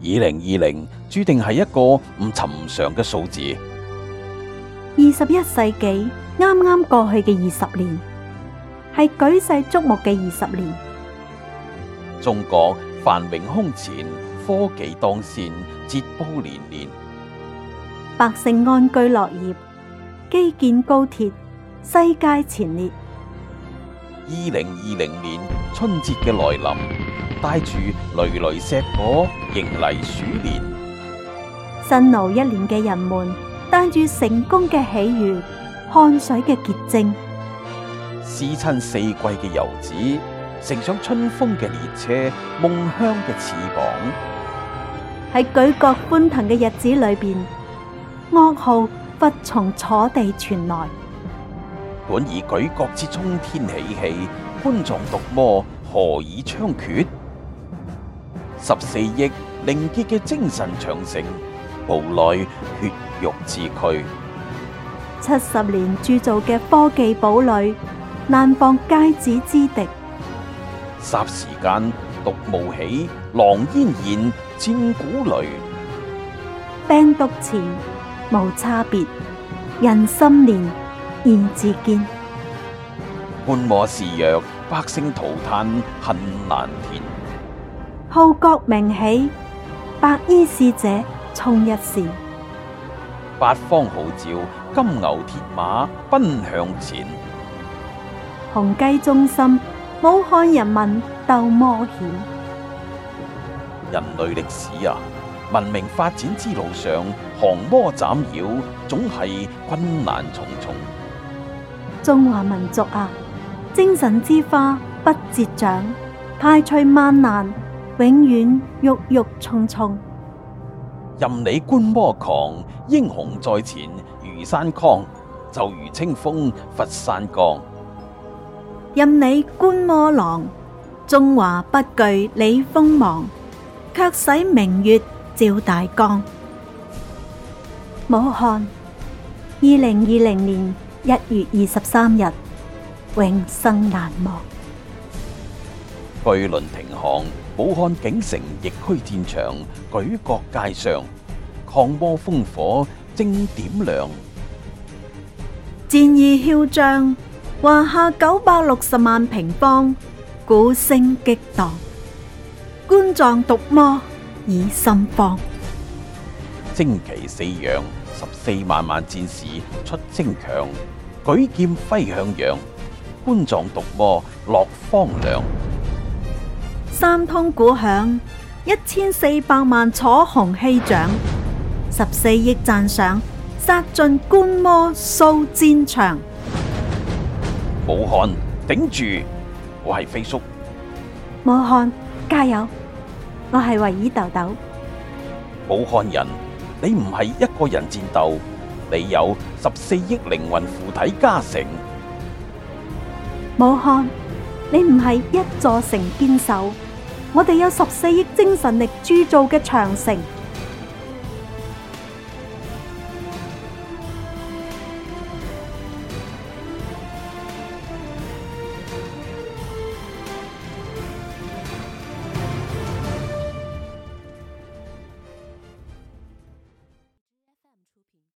二零二零注定係一個唔尋常嘅數字。二十一世紀啱啱過去嘅二十年，係舉世矚目嘅二十年。中國繁榮空前，科技當先，捷報連連，百姓安居樂業，基建高鐵，世界前列。二零二零年春節嘅來臨，帶住累累碩果，迎嚟鼠年。辛勞一年嘅人們，帶住成功嘅喜悦，汗水嘅結晶。思親四季嘅游子，乘上春風嘅列車，夢鄉嘅翅膀。喺舉國歡騰嘅日子裏邊，噩耗忽從楚地傳來。本以舉國之沖天喜氣，冠狀毒魔何以猖獗？十四億凝結嘅精神長城，無奈血肉之軀；七十年鑄造嘅科技堡壘，難防介子之敵。霎時間，毒霧起，狼煙現，戰鼓擂。病毒前，無差別，人心連，意志堅，冠魔施虐，百姓塗炭，恨難填。號角鳴起，白衣使者衝一線，八方號召，金牛鐵馬奔向前。雄雞中心，武漢人民鬥魔險。人類歷史啊，文明發展之路上，降魔斬妖總係困難重重。中華民族啊，精神之花不折長，排除萬難，永遠鬱鬱蔥蔥。任你冠魔狂，英雄在前如山扛，就如清風拂山崗。任你冠魔狼，中華不懼你鋒芒，卻使明月照大江。武漢，二零二零年。一月二十三日，永生難忘。巨輪停航，武漢竟成疫區戰場，舉國皆殤，抗魔烽火正點亮，戰意囂張，華夏九百六十萬平方，鼓聲激蕩，冠狀毒魔已心慌。旌旗四揚，十四萬萬戰士出征強，舉劍揮向陽，冠狀毒魔落荒涼。三通鼓響，一千四百萬楚雄氣長，十四億讚賞，殺盡冠魔掃戰場。武漢頂住，我係飛逸。武漢加油，我係唯伊豆豆。武漢人。你唔係一個人戰鬥，你有十四億靈魂附體加成。武漢，你唔係一座城堅守，我哋有十四億精神力鑄造嘅長城。